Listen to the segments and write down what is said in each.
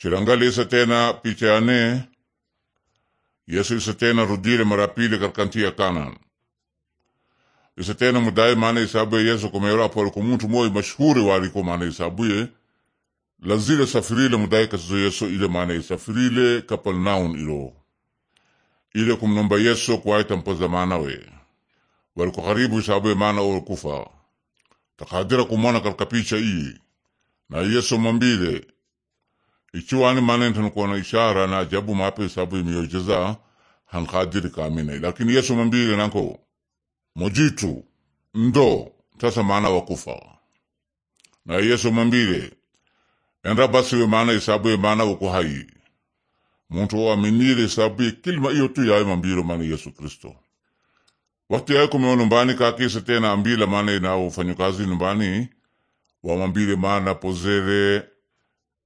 Chilangalisa tena pichane Yesu isa tena rudile mara pili karikantia Kanaan isa tena mudai mana isabuye Yesu komerapo aliko kumuntu moyo mashuhuri waliko maana isabuye lazile safirile mudai kasizo Yesu ile maana isafirile Kapernaum ilo ile kumnomba Yesu kuwaita mpoza manawe waliko karibu isabuye maana olikufa takadira kumona karikapicha iyi na Yesu mwambile ichiwani manente nikuona ishara na ajabu mape sabu miujiza hankadiri kamine lakini yesu mambile nako mojitu ndo tasa maana wakufa na yesu mambile enra basiwe maana mana maana wakuhai muntu oaminire isabuye kilima iyo tu yawe mambiro maana yesu kristo wakti yae kumeo numbani kakisa tena ambila maana inao fanyakazi numbani wamambile maana pozere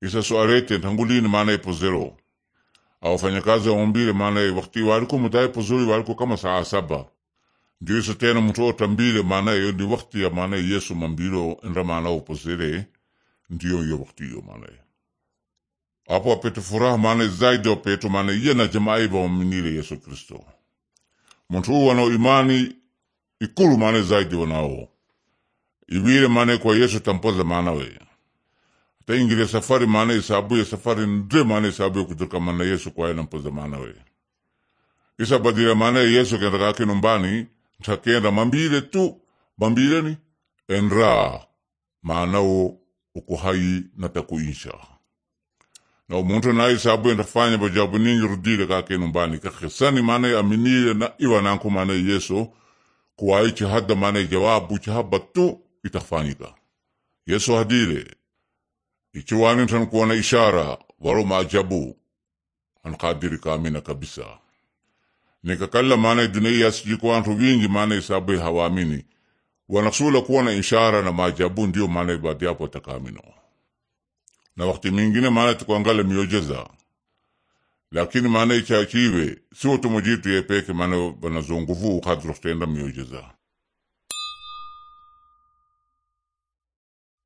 isasoarete tangu lini maana ipo e zero au wafanyakazi waombile maanaye wakti waliko mudaye pozuri waliko kama saa saba ndio isa tena mtu tambile maanaye yo ni wakti ya maanaye yesu mambilo nra maanao pozere ndio yo wakati yo maanaye apo apete furaha maanaye zaidi apeto maanaye iye na jamai baominile e yesu kristo mtu wanao imani ikulu maanaye zaidi wanao iwile maanaye kwa yesu tampoza maanawe taingile safari maana ya safari nde maana kutoka kujukamana yesu kwa kwaye nampozamana we isa badira maana yesu kenda kake numbani kenda mambile tu mambile ni enra maanao ukuhai natakuisha na umuntu na isabu ya ntafanya bajabu ningi rudile kake numbani kakesani maana aminile na iwa nanku maana yesu kuwaichi hada maana jawabu chihaba tu itafanyika yesu hadile Ichiwanin tan kuwa ishara waro maajabu ankadiri kamina kabisa nikakalla maana dunia yasijikwantu wingi maana isabu hawamini wanasula kuwa na ishara na maajabu ndio maana baadhi yapo takamino na wakati mingine maana tukuangala miujiza lakini maana ichachiwe sio tumujitu yepeke maana wanazunguvu kadri kutenda miujiza